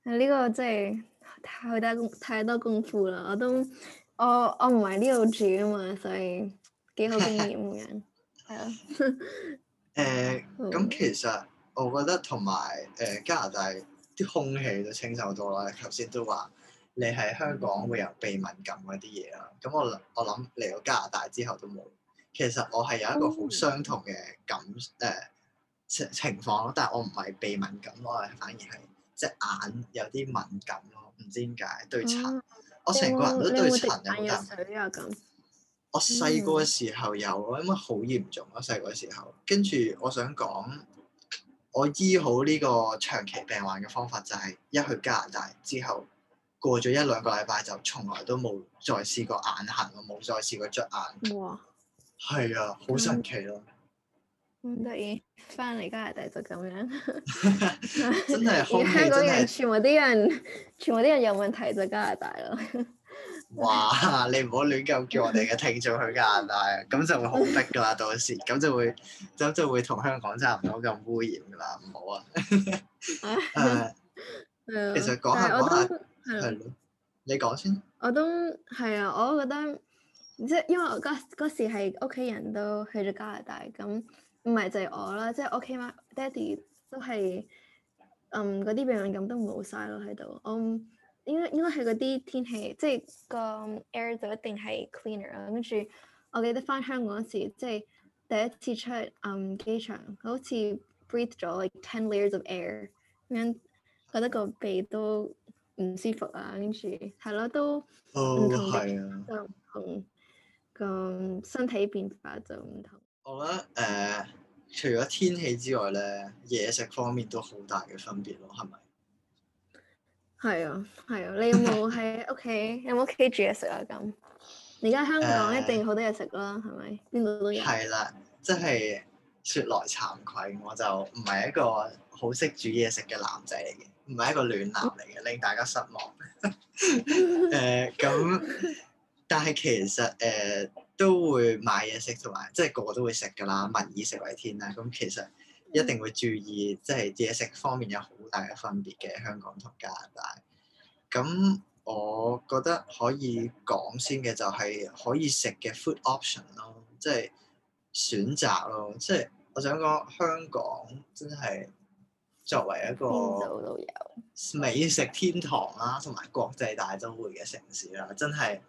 啊，呢個真係太大太多功夫啦！我都我我唔係呢度住啊嘛，所以幾好經驗嘅，係啊、嗯。誒、嗯，咁、呃、其實我覺得同埋誒加拿大啲空氣都清好多啦。頭先都話你喺香港會有鼻敏感嗰啲嘢啦，咁、嗯、我我諗嚟到加拿大之後，之後都冇。其實我係有一個好相同嘅感誒情、嗯呃、情況咯，但係我唔係鼻敏感，我係反而係隻眼有啲敏感咯，唔知點解對塵。嗯、我成個人都對塵敏感。你會眼藥水啊咁？我細個嘅時候有，嗯、因為好嚴重咯，細個嘅時候。跟住我想講，我醫好呢個長期病患嘅方法就係、係、一去加拿大之後，過咗一兩個禮拜就從來都冇再試過眼痕，我冇再試過捽眼。係啊，好神奇咯！唔得意，翻嚟加拿大就咁樣，真係好香港人全部啲人，全部啲人有問題就加拿大咯。哇！你唔好亂咁叫我哋嘅聽眾去加拿大，咁就會好逼噶啦，到時咁就會，咁就會同香港差唔多咁污染噶啦，唔好啊。其實講下講下，係咯，你講先。我都係啊，我都覺得。即係因為我嗰嗰時係屋企人都去咗加拿大，咁唔係就係我啦，即係我媽、爹哋都係，嗯嗰啲鼻敏感都冇晒咯喺度。我、嗯、應應該係嗰啲天氣，即係個 air 就一定係 cleaner 啦。跟住我記得翻香港嗰時，即係第一次出嗯、um，機場，好似 breath 咗 like ten layers of air 咁樣，覺得個鼻都唔舒服、oh, 就啊。跟住係咯，都唔同同。咁身體變化就唔同。我覺得誒，除咗天氣之外咧，嘢食方面都好大嘅分別咯，係咪？係啊，係啊，你有冇喺屋企有冇屋企煮嘢食啊？咁而家香港一定好多嘢食啦，係咪、呃？邊度都有？係啦、啊，即係説來慚愧，我就唔係一個好識煮嘢食嘅男仔嚟嘅，唔係一個暖男嚟嘅，哦、令大家失望。誒咁。但係其實誒、呃、都會買嘢食同埋，即係個個都會食㗎啦，民以食為天啦。咁其實一定會注意，即係嘢食方面有好大嘅分別嘅香港同加拿大。咁我覺得可以講先嘅就係可以食嘅 food option 咯，即係選擇咯。即、就、係、是、我想講香港真係作為一個美食天堂啦，同埋國際大都會嘅城市啦，真係。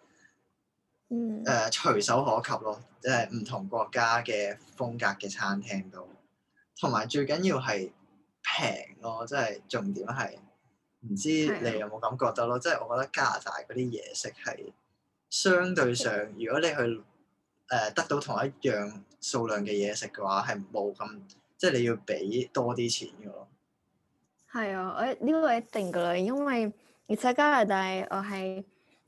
誒、嗯、隨手可及咯，即係唔同國家嘅風格嘅餐廳都，同埋最緊要係平咯，即係重點係，唔知你有冇咁覺得咯？即係的我覺得加拿大嗰啲嘢食係相對上，的如果你去誒、呃、得到同一樣數量嘅嘢食嘅話，係冇咁，即、就、係、是、你要俾多啲錢嘅咯。係啊，我呢個一定嘅啦，因為而且加拿大我係。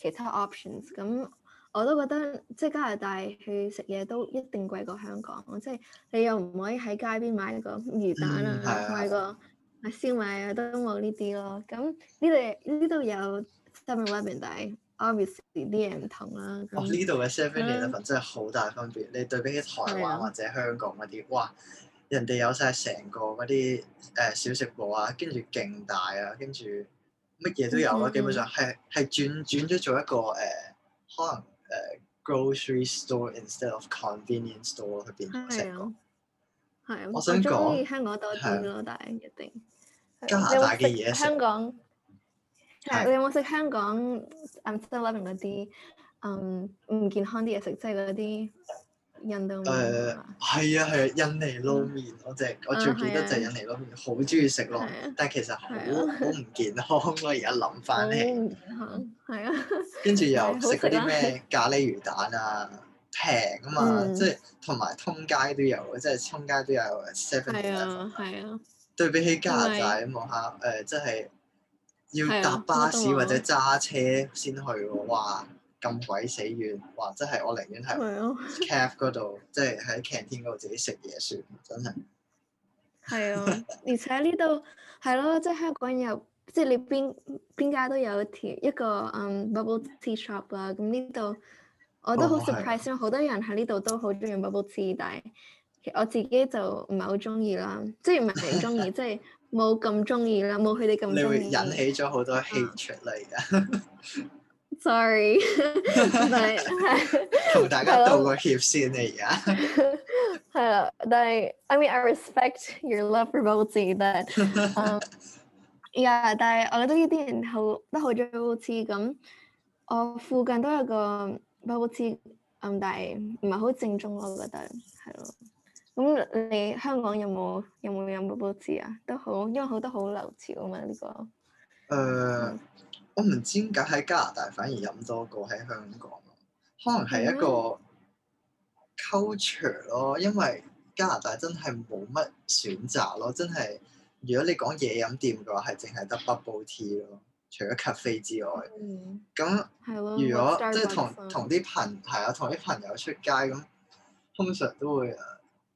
其他 options 咁，我都覺得即係加拿大去食嘢都一定貴過香港，即係你又唔可以喺街邊買個魚蛋啊，嗯、買個燒賣啊，都冇呢啲咯。咁呢度呢度有 Seven Eleven 但係，Obviously 啲嘢唔同啦。哦，呢度嘅 Seven Eleven 真係好大分別，的你對比起台灣或者香港嗰啲，的哇，人哋有晒成個嗰啲誒小食部啊，跟住勁大啊，跟住。乜嘢都有啦，mm hmm. 基本上係係轉轉咗做一個誒、呃，可能誒、呃、grocery store instead of convenience store 去變咗。係啊，啊，我想中意香港多啲咯，啊、但係一定。加拿大嘅嘢香港。係、啊。啊、你有冇食香港？I'm still loving 嗰啲，嗯，唔健康啲嘢食，即係嗰啲。印度麵，誒，係啊，係啊，印尼撈麵， [LAUGHS] 我淨我最記得就係印尼撈麵，好中意食咯，但係其實好好唔健康咯。而家諗翻起，係啊 [LAUGHS] [LAUGHS] 跟住又食嗰啲咩咖喱魚蛋啊，平啊嘛， [LAUGHS] 嗯、即係同埋通街都有，即係通街都有 Seven Eleven 啊係 [LAUGHS] [LAUGHS] [LAUGHS] 對比起加拿大咁我下，誒，即、呃、係要搭巴士或者揸車先去喎，哇！ [LAUGHS] 咁鬼死遠，或者係我寧願喺 cafe 嗰度，即係喺 canteen 嗰度自己食嘢算，真係。係啊，而且呢度係咯，即係香港有，即、就、係、是就是就是、你邊邊間都有條一個嗯、um, bubble tea shop、哦、啊。咁呢度我都好 surprise，因為好多人喺呢度都好中意 bubble tea，但係我自己就唔係好中意啦，就是、 [LAUGHS] 即係唔係唔中意，即係冇咁中意啦，冇佢哋咁。你會引起咗好多 heat 出嚟㗎。 [LAUGHS] Sorry，同大家道個歉先呢呀。係啦，但係 I mean I respect your love for bubble tea，但係，呀，但係我覺得呢啲人好，都好中意 bubble tea 咁。我附近都有一個 bubble tea，嗯、但係唔係好正宗咯，我覺得係咯。咁你香港有冇有冇飲 bubble tea 啊？都好，因為好多好流潮啊嘛呢個。誒、uh。嗯我唔知點解喺加拿大反而飲多過喺香港，可能係一個 culture 咯。因為加拿大真係冇乜選擇咯，真係如果你講嘢飲店嘅話，係淨係得 bubble tea 咯，除咗 cafe 之外。咁如果即係 With Starbucks 同同啲朋係啊，同啲朋友出街咁，通常都會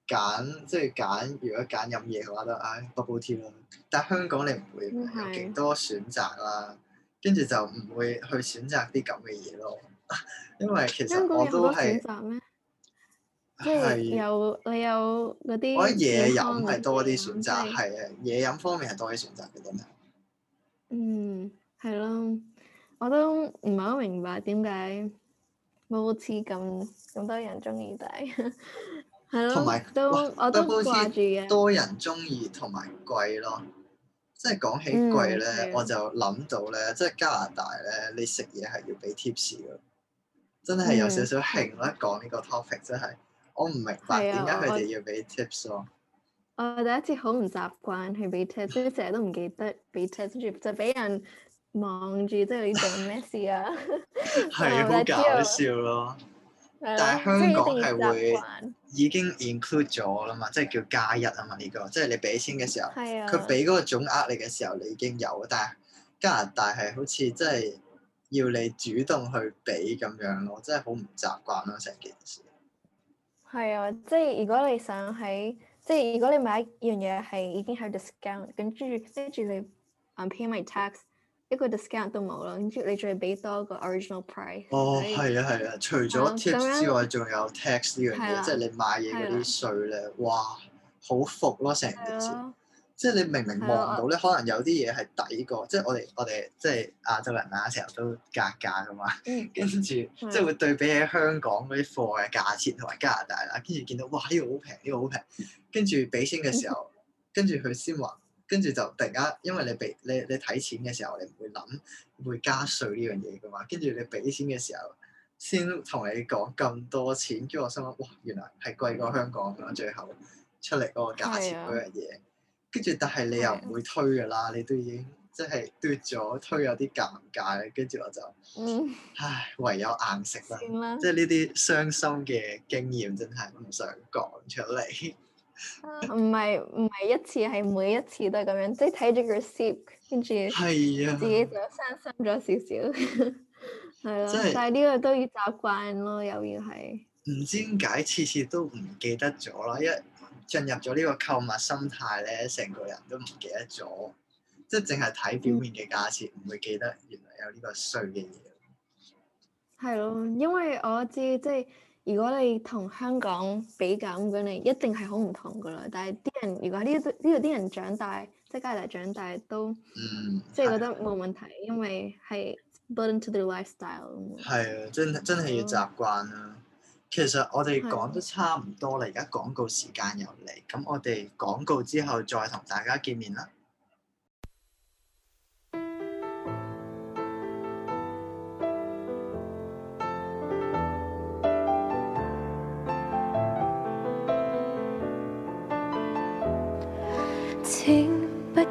揀即係揀，如果揀飲嘢嘅話，都唉 bubble tea 咯。但係香港你唔會有幾多選擇啦。跟住就唔會去選擇啲咁嘅嘢咯，因為其實我都係，即係是有你有嗰啲。我覺得嘢飲係多啲選擇，係啊的，嘢飲方面係多啲選擇嘅，真係。嗯，係咯，我都唔係好明白點解冇似咁咁多人中意，但係，係咯，都哇我都好掛住嘅。多人中意同埋貴咯。即係講起貴咧，嗯、我就諗到咧，即係加拿大咧，你食嘢係要俾 tips 咯，真係有少少興啦！講呢、嗯、個 topic 真係，我唔明白點解佢哋要俾 tips 咯。我第一次好唔習慣去俾 tips，成日都唔記得俾 tips，就俾人望住，即係、就是、你做咩事啊？係啊，好搞笑咯～但係香港係會已經 include 咗啦嘛，即係叫加一啊嘛呢、呢個，即係你俾錢嘅時候，係啊，佢俾嗰個總額你嘅時候，你已經有。但係加拿大係好似即係要你主動去俾咁樣咯，真係好唔習慣啦成件事。係啊，即係如果你想喺，即係如果你買一樣嘢係已經有 discount，跟住跟住你、um, pay my tax。一個 discount 都冇咯，然之後你仲要俾多一個 original price。哦，係啊，係啊，除咗 tips 之外，仲有 tax 呢樣嘢，即係你買嘢嗰啲稅咧，哇，好服咯，成件事，即係你明明望到咧，可能有啲嘢係抵過，即係我哋我哋即係亞洲人啊，成日都格價噶嘛，跟住即係會對比起香港嗰啲貨嘅價錢同埋加拿大啦，跟住見到哇呢個好平，呢個好平，跟住俾錢嘅時候，跟住佢先話。跟住就突然間，因為你俾你你睇錢嘅時候，你唔會諗會加稅呢樣嘢噶嘛。跟住你俾錢嘅時候，先同你講咁多錢，跟住我心諗哇，原來係貴過香港。嗯、最後出嚟嗰個價錢嗰樣嘢，跟住、啊、但係你又唔會推噶啦，啊、你都已經即係、就是、奪咗推有啲尷尬。跟住我就、嗯、唉，唯有硬食啦。即係呢啲傷心嘅經驗真係唔想講出嚟。唔係唔係一次，係每一次都係咁樣，即係睇住個 receipt 跟住自己就傷心咗少少。係 [LAUGHS] 咯、 [LAUGHS] 啊，但係呢個都要習慣咯，又要係。唔知點解次次都唔記得咗啦，一進入咗呢個購物心態咧，成個人都唔記得咗，即係淨係睇表面嘅價錢，唔、嗯、會記得原來有呢個衰嘅嘢。係咯、啊，因為我知即係。如果你同香港比較咁樣，你一定係好唔同噶啦。但係啲人，如果呢度呢度啲人長大，即係加拿大長大都，嗯、即係覺得冇問題，的因為係 build into their lifestyle。係啊，真係真係要習慣啦。以其實我哋講得差唔多啦，而家廣告時間又嚟，咁我哋廣告之後再同大家見面啦。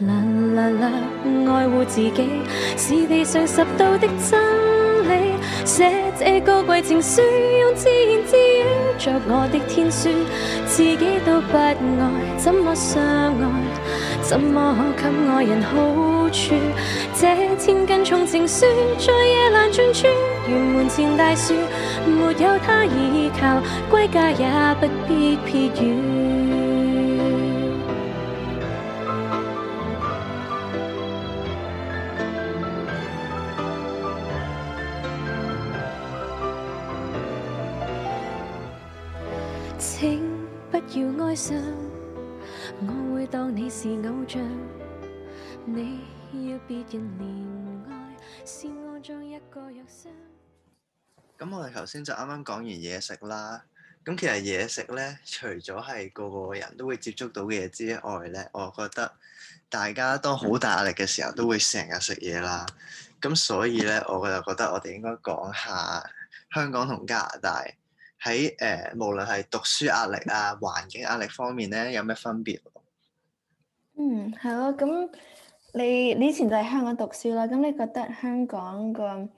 啦啦啦！La la, 愛護自己是地上十度的真理，寫這高貴情書，用自言自語作我的天書。自己都不愛，怎麼相愛？怎麼可給愛人好處？這千斤重情書，在夜闌轉轉，園門前大樹，沒有他依靠，歸家也不必撇雨。我會當你係偶像，你要別人憐愛，先安裝一個藥箱。咁我哋頭先就啱啱講完嘢食啦。咁其實嘢食咧，除咗係個個人都會接觸到嘅嘢之外咧，我覺得大家當好大壓力嘅時候都會成日食嘢啦。咁所以咧，我就覺得我哋應該講下香港同加拿大。喺誒、呃，無論係讀書壓力啊、環境壓力方面咧，有咩分別？嗯，係咯，咁你以前就喺香港讀書啦。咁你覺得香港個、嗰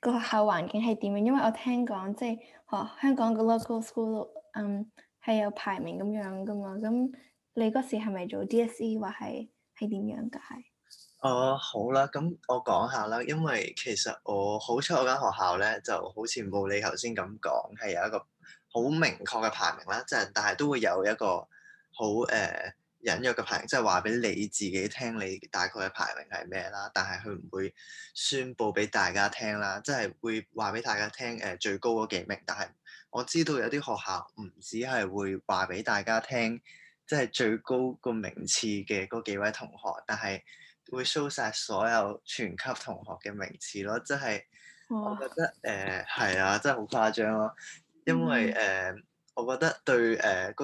個學校環境係點樣？因為我聽講即係學、哦、香港嘅 local school，嗯係有排名咁樣噶嘛。咁你嗰時係咪做 DSE 或係係點樣㗎係？哦，好啦，咁我講下啦，因為其實我好彩我間學校咧，就好似冇你頭先咁講，係有一個好明確嘅排名啦，即係但係都會有一個好誒隱約嘅排名，即係話俾你自己聽你大概嘅排名係咩啦，但係佢唔會宣佈俾大家聽啦，即係會話俾大家聽誒最高嗰幾名，但係我知道有啲學校唔只係會話俾大家聽，即係最高個名次嘅嗰幾位同學，但係會 show 曬所有全級同學嘅名次咯，即係、oh。我覺得誒係、呃、啊，真係好誇張咯。因為誒、呃，我覺得對誒、呃、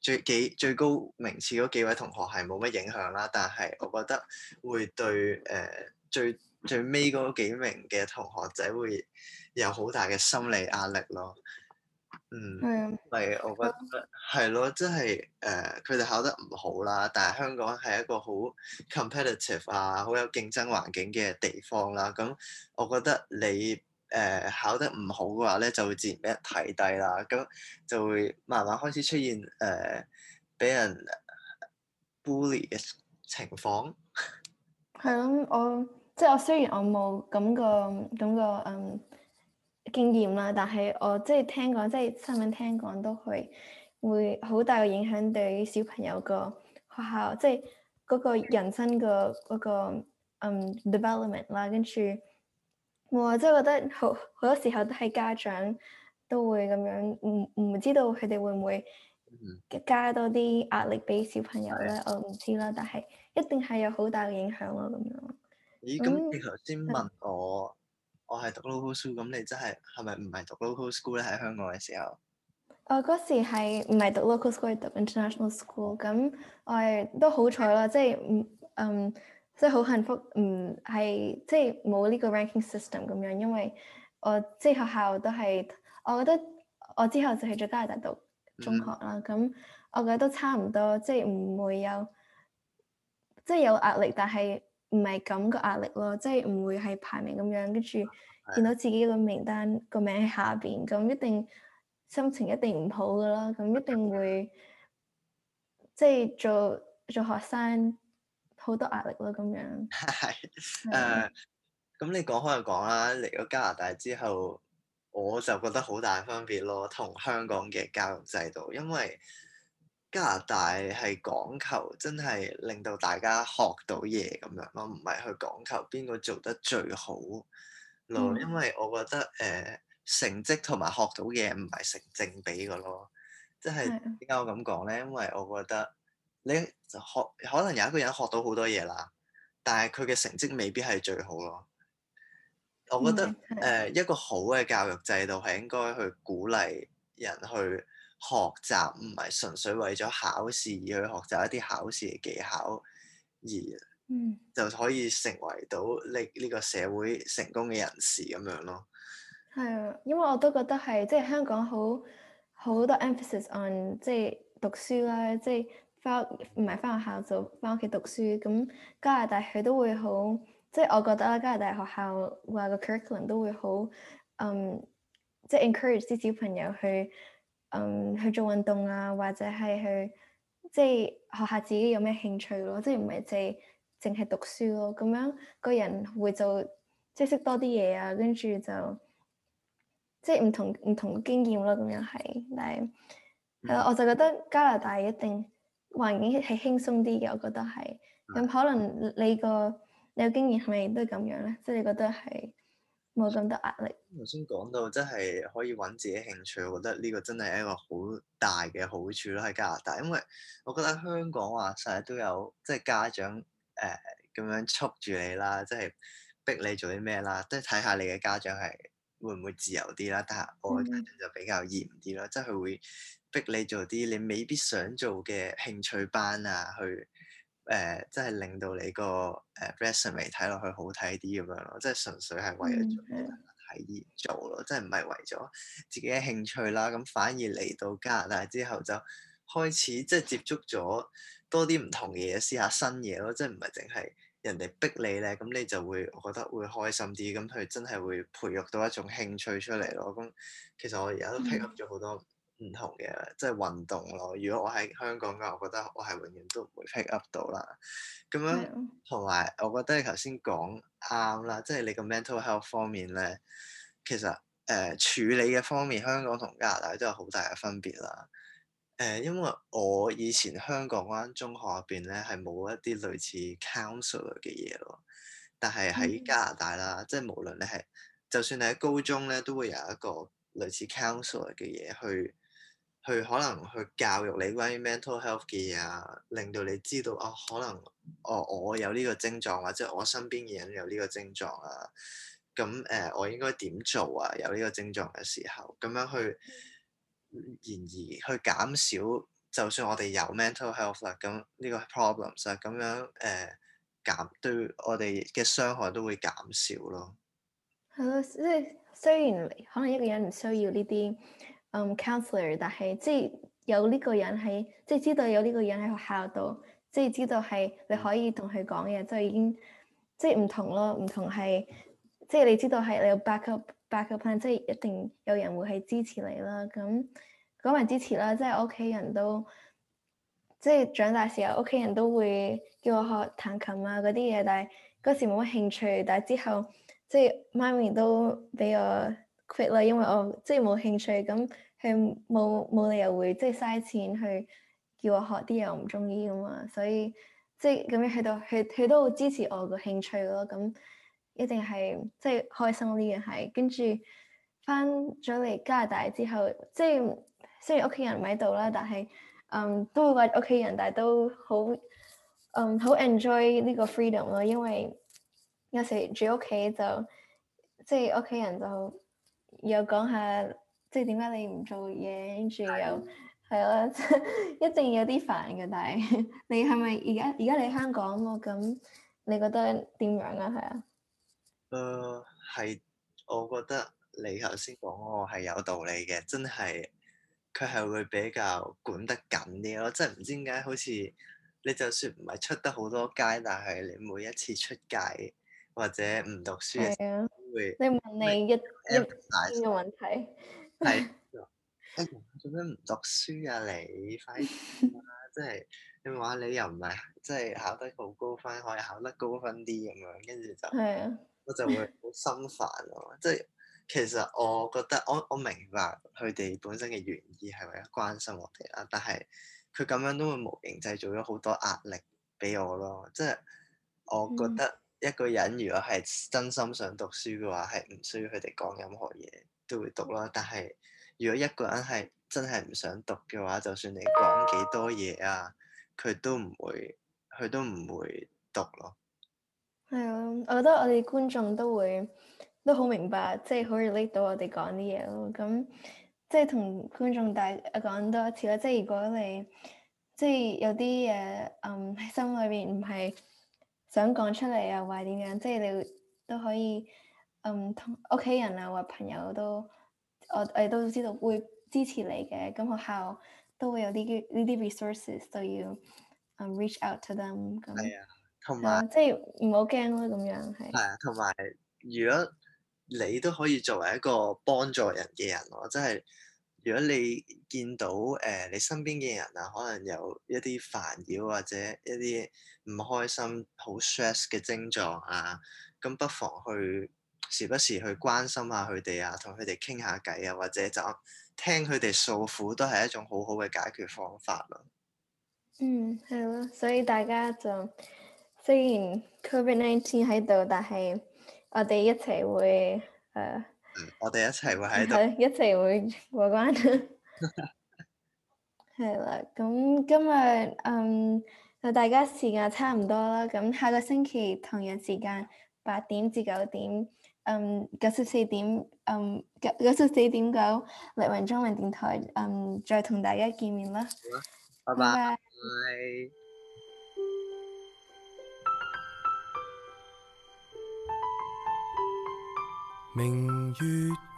最幾最高名次嗰幾位同學係冇乜影響啦，但係我覺得會對誒、呃、最最尾嗰幾名嘅同學仔會有好大嘅心理壓力咯。嗯，啊、嗯，是我覺得係咯，即係誒，佢哋了、呃、考得唔好啦，但係香港係一個好 competitive 啊，好有競爭環境嘅地方啦。咁我覺得你誒、呃、考得唔好嘅話咧，就會自然俾人睇低啦。咁就會慢慢開始出現誒俾、呃、人 bully 嘅情況。係咯、嗯，我即係我雖然我冇咁個咁個嗯，經驗啦，但係我即係聽講，即係新聞聽講都係會好大嘅影響對小朋友個學校，即係嗰個人生嘅嗰個嗯 development 啦。跟住我即係覺得好好多時候都係家長都會咁樣，唔唔知道佢哋會唔會加多啲壓力俾小朋友咧？我唔知啦，但係一定係有好大嘅影響咯。咁樣，咦？咁，嗯，你頭先問我？我係讀 local school，咁你真係係咪唔係讀 local school 咧？喺香港嘅時候，我嗰時係唔係讀 local school，係讀 international school。咁我係都好彩啦，即係嗯嗯，即係好幸福，唔係即係冇呢個 ranking system 咁樣，因為我即係、就是、學校都係，我覺得我之後就去咗加拿大，大讀中學啦。咁、嗯、我覺得都差唔多，即係唔會有，即、就、係、是、有壓力，但係。唔係咁個壓力咯，即係唔會係排名咁樣，跟住見到自己個名單個名喺下邊，咁一定心情一定唔好噶啦，咁一定會即係、就是、做做學生好多壓力咯，咁樣。係係 [LAUGHS] 是。咁、uh, 你講開又講啦，嚟咗加拿大之後，我就覺得好大分別咯，同香港嘅教育制度，因為。加拿大係講求真係令到大家學到嘢咁樣咯，唔係去講求邊個做得最好咯。嗯、因為我覺得誒、呃、成績同埋學到嘢唔係成正比嘅咯。即係點解我咁講咧？因為我覺得你學可能有一個人學到好多嘢啦，但係佢嘅成績未必係最好咯。我覺得誒一個好嘅教育制度係應該去鼓勵人去。學習唔係純粹為咗考試而去學習一啲考試嘅技巧，而就可以成為到你呢個社會成功嘅人士咁樣咯。嗯。係啊，因為我都覺得係即係香港好好多 emphasis on 即係讀書啦，即係返唔係返學校就返屋企讀書。咁、就是、加拿大佢都會好，即、就、係、是、我覺得啦，加拿大學校話嘅 curriculum 都會好，嗯、um,，即係 encourage 啲小朋友去。嗯，去做運動啊，或者係去即係學下自己有咩興趣咯，即係唔係淨淨係讀書咯，咁樣個人會做即係識多啲嘢啊，跟住就即係唔同唔同嘅經驗咯，咁又係，但係、mm，係、hmm. 咯、嗯，我就覺得加拿大一定環境係輕鬆啲嘅，我覺得係，咁可能你個你個經驗係咪都係咁樣咧？即係你覺得係。冇咁多壓力。頭先講到真係可以揾自己興趣，我覺得呢個真係一個好大嘅好處啦，喺加拿大。因為我覺得香港話成日都有即係家長誒咁、呃、樣束住你啦，即係逼你做啲咩啦，即係睇下你嘅家長係會唔會自由啲啦。但係我嘅家長就比較嚴啲咯，嗯、即係佢會逼你做啲你未必想做嘅興趣班啊，去。誒，即係、呃、令到你個誒 resume 睇落去好睇啲咁樣咯，即係純粹係為咗做睇而、嗯、做咯，即係唔係為咗自己嘅興趣啦。咁反而嚟到加拿大之後就開始即係接觸咗多啲唔同嘅嘢，試下新嘢咯。即係唔係淨係人哋逼你咧，咁你就會我覺得會開心啲。咁佢真係會培育到一種興趣出嚟咯。咁其實我而家都培育咗好多。嗯唔同嘅，即係運動咯。如果我喺香港嘅話，我覺得我係永遠都唔會 pick up 到啦。咁樣同埋，No. 我覺得你頭先講啱啦，即係你個 mental health 方面咧，其實誒、呃、處理嘅方面，香港同加拿大都有好大嘅分別啦。誒、呃，因為我以前香港嗰間中學入邊咧係冇一啲類似 counselor 嘅嘢咯，但係喺加拿大啦，mm. 即係無論你係就算你喺高中咧，都會有一個類似 counselor 嘅嘢去。去可能去教育你關於 mental health 嘅嘢啊，令到你知道哦，可能哦我有呢個症狀，或者我身邊嘅人有呢個症狀啊。咁、嗯、誒、呃，我應該點做啊？有呢個症狀嘅時候，咁樣去，然而去減少，就算我哋有 mental health 啦，咁呢個 problems 啊，咁樣誒減對我哋嘅傷害都會減少咯。係咯，即係雖然可能一個人唔需要呢啲。嗯，counselor 但係即係有呢個人喺，即係知道有呢個人喺學校度，即係知道係你可以同佢講嘢，即係已經即係唔同咯。唔同係即係你知道係你有 backup，backup plan 即係一定有人會係支持你啦。咁講埋支持啦，即係屋企人都即係長大時候屋企人都會叫我學彈琴啊嗰啲嘢，但係嗰時冇乜興趣，但係之後即係媽咪都俾我 quit 啦，因為我即係冇興趣咁。佢冇冇理由會即係嘥錢去叫我學啲嘢，我唔中意噶嘛，所以即係咁樣去到，佢佢都好支持我個興趣咯。咁一定係即係開心啲嘅係。跟住翻咗嚟加拿大之後，即係雖然屋企人唔喺度啦，但係嗯都會話屋企人，但係都好嗯好 enjoy 呢個 freedom 咯。因為有時住屋企就即係屋企人就又講下。即係、嗯、對了 [LAUGHS] 點解你唔做嘢？跟住又係啊，一定有啲煩嘅。但係你係咪而家而家你香港咁你覺得點樣啊？係啊，誒係、呃，我覺得你頭先講我係有道理嘅，真係佢係會比較管得緊啲咯。即係唔知點解好似你就算唔係出得好多街，但係你每一次出街或者唔讀書嘅時候、啊、會你問你，會你一一天嘅問題。係，做咩唔讀書啊？你，快即係你話你又唔係即係考得好高分，可以考得高分啲咁樣，跟住就， [MUSIC] 我就會好心煩咯。即係其實我覺得我我明白佢哋本身嘅原意係為咗關心我哋啦，但係佢咁樣都會無形製造咗好多壓力俾我咯。即係我覺得一個人如果係真心想讀書嘅話，係唔需要佢哋講任何嘢，都會讀啦，但係如果一個人係真係唔想讀嘅話，就算你講幾多嘢啊，佢都唔會，佢都唔會讀咯。係啊、嗯，我覺得我哋觀眾都會都好明白，即係好 relate 到我哋講啲嘢咯。咁即係同觀眾大講多一次啦。即係如果你即係有啲嘢，嗯，喺心裏邊唔係想講出嚟啊，或者點樣，即係你都可以。嗯，um, 同屋企、OK、人啊或朋友都，我誒、哎、都知道會支持你嘅。咁學校都會有啲呢啲 resources，都要、嗯、reach out to them 咁、嗯。係啊，同埋、嗯、即係唔好驚咯，咁樣係。係啊，同埋如果你都可以作為一個幫助人嘅人，我真係如果你見到誒、呃、你身邊嘅人啊，可能有一啲煩擾或者一啲唔開心、好 stress 嘅症狀啊，咁不妨去。時不時去關心下佢哋啊，同佢哋傾下偈啊，或者就聽佢哋訴苦，都係一種好好嘅解決方法咯。嗯，係咯，所以大家就雖然 COVID-19 喺度，但係我哋一齊會誒、呃嗯，我哋一齊會喺度，一齊會過關。係 [LAUGHS] 啦， [LAUGHS] 咁今日誒，嗯、就大家時間差唔多啦，咁下個星期同樣時間八點至九點。嗯，九十四點嗯九九十四點九，麗云中文電台嗯再同大家見面啦，拜拜。明月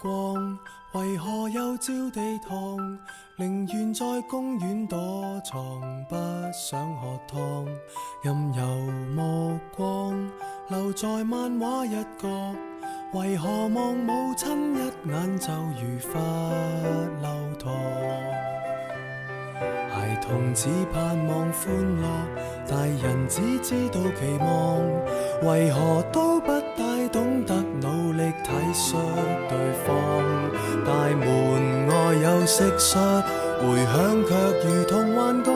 光，為何又照地堂？寧願在公園躲藏，不想喝湯。任由目光留在漫畫一角。為何望母親一眼就如罰留堂？孩童只盼望歡樂，大人只知道期望。為何都不大懂得努力體恤對方？大門外有蟋蟀，回響，卻如同幻覺。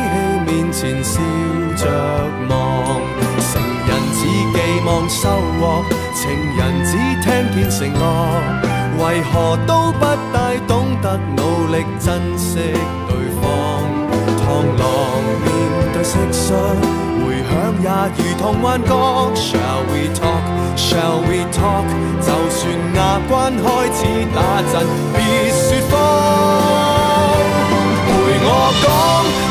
面前，前笑着望，成人只寄望收穫。情人只聽見承諾，為何都不大懂得努力珍惜對方？螳螂面對蟋蟀，迴響也如同幻覺。Shall we talk? Shall we talk? 就算牙關開始打震，別説謊，陪我講。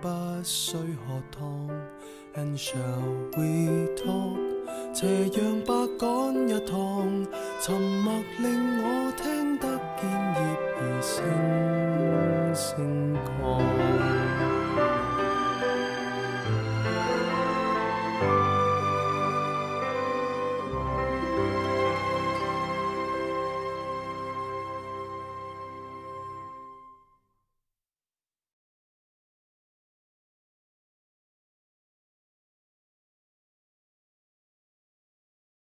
不需喝湯 and shall we talk? 斜陽白趕一趟，沉默令我聽得見葉兒聲聲。